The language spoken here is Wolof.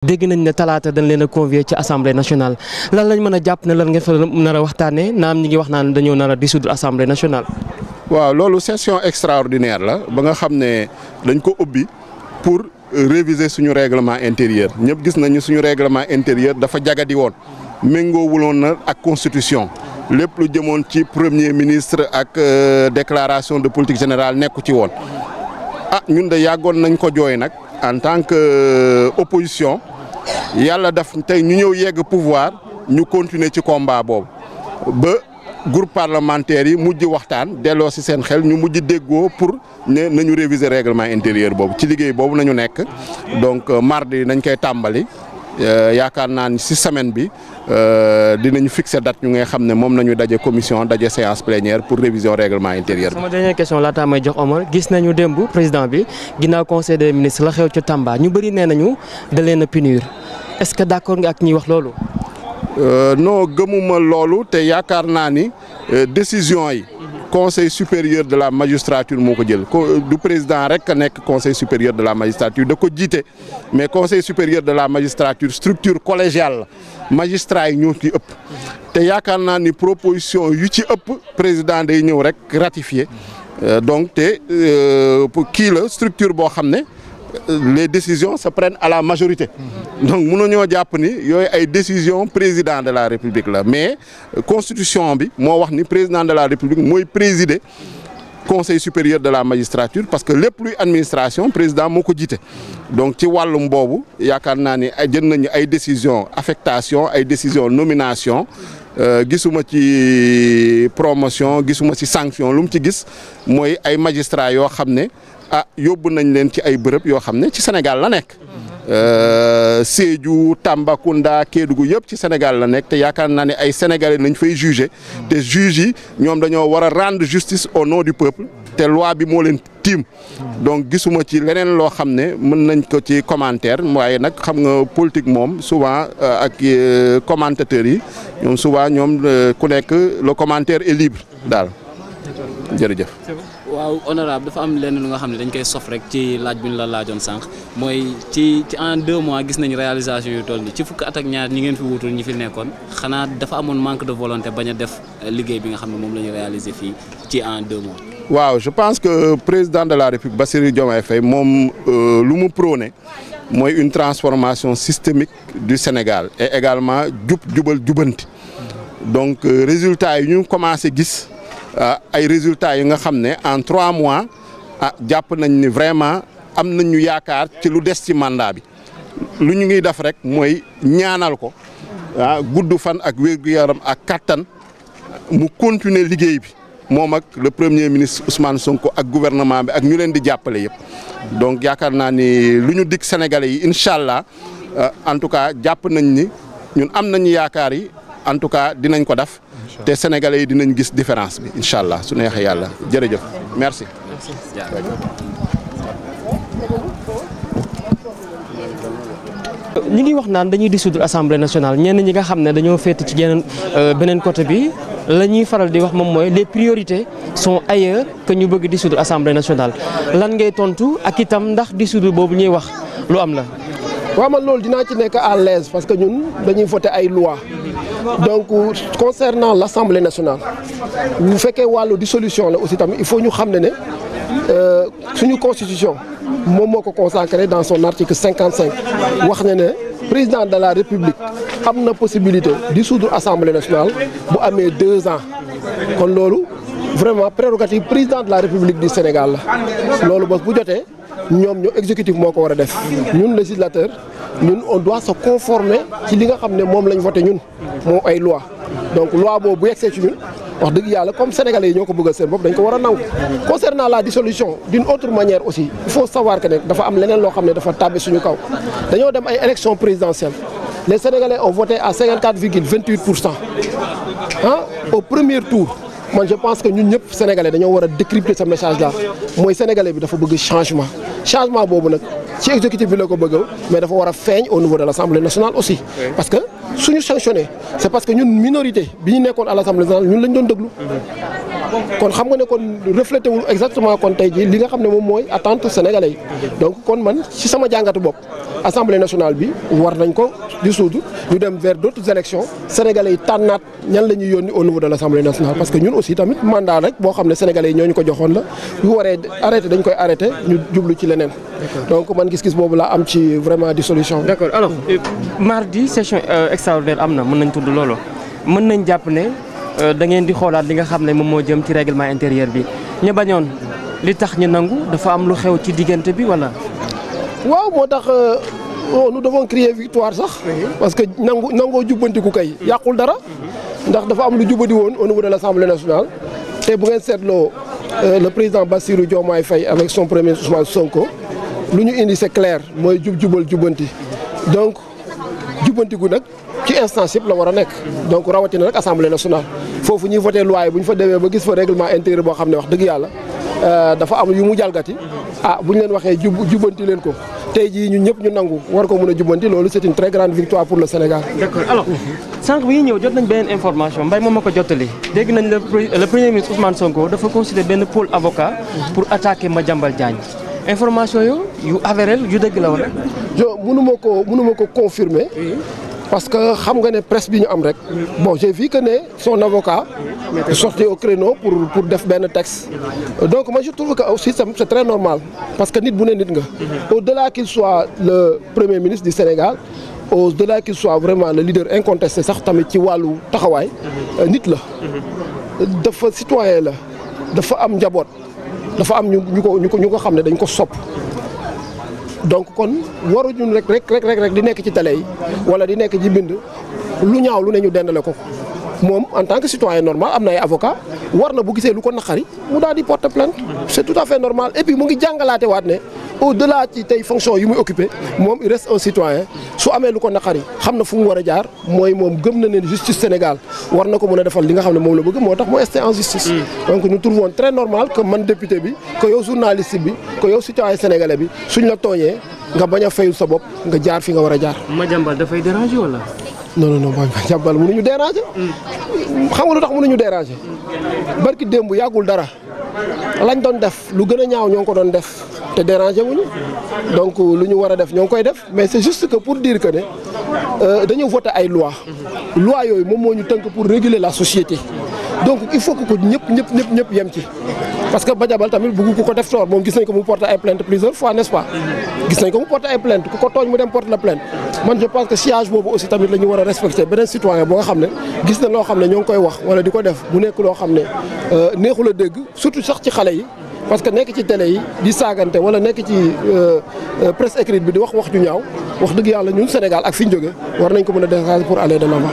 dégg nañ ne talaata dañ leen a convier ci assemblée nationale lan lañ mën a jàpp ne lan nga fa nar a waxtaanee naam ñi ngi wax naan dañoo nar a dissoudre assemblée nationale. waaw loolu session extraordinaire la ba nga xam ne dañ ko ubbi pour euh, réviser suñu réglement intérieur ñëpp gis nañu suñu réglement intérieur dafa jagadi woon méngoowuloon na ak constitution. lépp lu jëmoon ci premier ministre ak euh, déclaration de politique générale nekku ci woon ah ñun de yàggoon nañ ko jooy nag en tant que euh, opposition. yàlla daf tey ñu ñëw yegg pouvoir ñu continuer ci combat boobu ba groupe parlementaire yi mujj waxtaan delloo si seen xel ñu mujj déggoo pour ne nañu réviser règlement intérieur boobu ci liggéey boobu nañu nekk donc euh, mardi nañ koy tàmbali. Euh, yaakaar naa ni si semaine bi euh, dinañu fixer date ñu nga xam ne moom nañu daje commission daje séance plénière pour révision règlement intérieur bi. sama dernière question laataa may jox Omar gis nañu démb président bi ginnaaw conseil des ministres la xew ci Tamba ñu bëri nee nañu da leen a punir est-ce que d'accord nga ak ñi wax loolu. Euh, non gëmuma loolu te yaakaar naa ni décision yi. conseil supérieur de la magistrature moo ko jël euh, du président rek a nekk conseil supérieur de la magistrature da ko jiite mais conseil supérieur de la magistrature structure collégiale la magistrat yi ñoo ci ëpp te yaakaar naa ni proposition yu ci ëpp président day ñëw rek ratifié euh, donc te euh, kii la structure boo xam ne les décisions se prennent à la majorité donc mënuñoo jàpp ni yooyu ay décision président de la république la mais euh, constitution bi moo wax ni président de la république mooy présider conseil supérieur de la magistrature parce que lépp luy administration président moo ko jiite donc ci wàllum boobu yaakaar naa ni ay jën nañu ay décision affectation ay décision nomination euh, gisuma ci promotion gisuma ci sanction lu mu ci gis mooy ay magistrats yoo xam ne ah yóbbu nañ leen ci ay bërëb yoo xam ne ci Sénégal la nekk. Euh, Sédhiou Tambacounda Kédougou yëpp ci Sénégal la nekk te yaakaar naa ne ay sénégalais nañ fay jugé te juge yi ñoom dañoo war a rendre justice au nom du peuple te loi bi moo leen tiim donc gisuma ci leneen loo xam ne mën nañ ko ci commentaire waaye nag xam nga politique moom souvent euh, ak euh, commentateurs yi ñoom souvent ñoom ku nekk le commentaire est libre daal jërëjëf. waaw honorable dafa am lenn lu nga xam ne dañ koy sof rek ci laaj bi ñu la laajoon sànq mooy ci en deux mois gis nañu réalisation yu toll nii ci fukk at ak ñaar ñi ngeen fi wutul ñi fi nekkoon xanaa dafa amoon manque de volonté bañ a def euh, liggéey bi nga xam ne moom la ñu réaliser fii ci en deux mois. waaw je pense que président de la République Bassirou Diomaye Faye moom euh, lu mu prôné mooy une transformation systémique du Sénégal et également jubal jubant donc euh, résultat Euh, ay résultats yi nga xam ne en trois mois ah jàpp nañ ni vraiment am nañ ñu yaakaar ci lu des ci manda bi lu ñu ngi def rek mooy ñaanal ko ah gudd fan ak wér-gu-yaram ak kattan mu continuer liggéey bi moom ak le premier ministre Ousmane Sonko ak gouvernement bi ak ñu leen di jàppale yëpp donc yaakaar naa ni lu ñu dig sénégalais yi incha allah euh, en tout cas jàpp nañ ni ñun am nañu yaakaar yi. en tout cas dinañ ko def te sénégalais yi dinañ gis différence bi incha allah su neexee yàlla jërëjëf merci. ñi ngi wax naan dañuy dissoudre assemblée nationale ñenn ñi nga xam ne dañoo féete ci yeneen euh, beneen côté bi la ñuy faral di wax moom mooy les priorités sont ailleurs que ñu bëgg dissoudre assemblée nationale lan ngay tontu ak itam ndax dissoudre boobu ñuy wax lu am na waaw man loolu dinaa ci nekk à l'aise parce que ñun dañuy voter ay loi donc concernant l' assemblée nationale bu fekkee wàllu di solution la aussi tamit il faut ñu xam ne ne euh, suñu constitution moom moo ko consacré dans son article cinquante cinq wax na ne président de la république am na possibilité di dissoudre assemblée nationale bu amee deux ans kon loolu vraiment prérogative président de la république du Sénégal la loolu bos bu jotee ñoom ñoo exécutif moo ko war a def ñun législateur ñun on doit se conformer ci li nga xam ne moom lañ voté ñun moo ay loi donc loi boobu bu yegsee ci ñun wax dëgg yàlla comme sénégalais yi ñoo ko bëggal seen bopp dañ ko war a nangu concernant la dissolution d'une autre manière aussi il faut savoir que ne dafa am leneen loo xam ne dafa tàbbi suñu kaw dañoo dem ay élection présidentielle les sénégalais ont voté à 54 virgule 28 pour cent ah au premier tour man je pense que ñun ñëpp sénégalais dañoo war a décrypter ce message là mooy sénégalais bi dafa bëgg changement changement boobu nag ci exécutif bi la ko bëgg mais dafa war a feeñ au niveau de l' assemblée nationale aussi. parce que suñu sanctionné c' est parce que ñun minorité bi ñu nekkoon à l' assemblée nationale ñun lañ doon déglu. kon xam nga ne kon reflété wul exactement kon tey jii li nga xam ne moom mooy attente sénégalais yi donc kon man ci sama jàngatu bopp assemblée nationale bi war nañ ko di dissoudre ñu dem vers d' autres élections sénégalais yi tànnaat ñan la ñuy yónni au niveau de l' assemblée nationale parce que ñun aussi tamit mandat rek boo xam ne sénégalais yi ñoo ñu ko joxoon la ñu waree arrêté dañ koy arrêté ñu jublu ci leneen donc man gis-gis boobu laa am ci vraiment dissolution d' accord alors euh, mardi session euh, extraordinaire am na mën nañ tudd loolu mën nañ jàpp ne Euh, da ngeen di xoolaat li nga xam ne moom moo jëm ci règlement intérieur bi ñu bañoon li tax ñu nangu dafa am lu xew ci diggante bi wala. waaw moo tax euh, oh, nous devons crier victoire sax. parce que nangu nangoo jubbantiku kay. Mm-hmm. yàqul dara. ndax dafa am lu jubadi woon au niveau de l' assemblée nationale. te bu ngeen seetloo euh, le président Bassirou Diomaye Faye avec son premier Ousmane Sonko. lu ñu indi se est clair mooy jub jubal jubbanti. donc jubbantiku nag ci instance yëpp la war a nekk. donc rawatina nag assemblée nationale. foofu ñuy voté loi yi bu ñu fa demee ba gis fa règlement intérieur boo xam ne wax dëgg yàlla euh, dafa am yu mu jalgati a ah, bu ñu leen waxee jub jubbanti leen ko tey jii ñun ñëpp ñu nangu war ko mën a jubbanti loolu c'est une très grande victoire pour le Sénégal. d'accord alors sànq bi ñuy ñëw jot nañ beneen information mbay moom ma ko jottali dégg nañ le premier ministre Ousmane Sonko dafa considéré benn pôle avocat pour attaquer Madiambal Diagne information yo yu avéré yu dégg la wala. jo mënu ma ko mënu ma ko confirmer. parce que xam nga ne presse bi ñu am rek bon j'ai vu que ne son avocat sorti au créneau pour pour def benn texte donc moi je trouve que aussi c'est très normal parce que nit bu ne nit nga au-delà qu'il soit le premier ministre du Sénégal au-delà qu'il soit vraiment la leader incontesté sax tamit ci wàllu taxawaay nit la dafa citoyen la dafa am njaboot dafa am ñu ñu ko ñu ko xam ne dañ ko sopp donc kon waruñu rek rek rek rek di nekk ci tele yi wala di nekk ci bind lu ñaaw lu ne ñu dendale ko moom en tant que citoyen normal am na ay avocat war na bu gisee lu ko naqari mu daal di porter plainte c'est tout à fait normal et puis mu ngi jàngalaate waat ne au-delà ci tey fonction yi muy occupé moom il reste un citoyen su amee lu ko naqari xam na fu mu war a jaar mooy moom gëm na ne justice Sénégal war na ko mën a defal li nga xam ne moom la bëgg moo tax mu resté en justice. Mm. donc nous trouvons très normal que man député bi que yow bi que yow citoyen sénégalais bi suñ la tooñee nga bañ a fayul sa bopp nga jaar fi nga war a jaar. Madiambal dafay déranger wala. non non non Madiambal mënuñu déranger. Mm. xam nga lu tax mënuñu déranger. barki démb yàggul dara lañ doon def lu gën a ñaaw ñoo ngi ko doon def. te dérangé wuñu donc lu ñu war a def ñoo ngi koy def mais c'est juste que pour dire que ne euh, dañu voté ay loi loi yooyu moom moo ñu tënk pour réguler la société donc il faut que ko ñëpp ñëpp ñëpp yem ci parce que Badiabal tamit bëgg ku ko def tort moom gis nañ ko mu porté ay plainte plusieurs fois n'est-ce pas gis nañ ko mu porté ay plainte ku ko tooñ mu dem porte la plainte man je pense que siège boobu aussi tamit la ñu war a respecté beneen citoyen boo xam ne gis na loo xam ne ñoo ngi koy wax wala di ko def mu nekk loo xam ne euh, neexul a dégg surtout sax ci xale yi parce que nekk ci télé yi di saagante wala nekk ci euh, euh, presse écrite bi di wax wax ju ñaaw wax dëgg yàlla ñun Sénégal ak fi ñu jóge war nañ ko mën a déranger pour aller de l'avant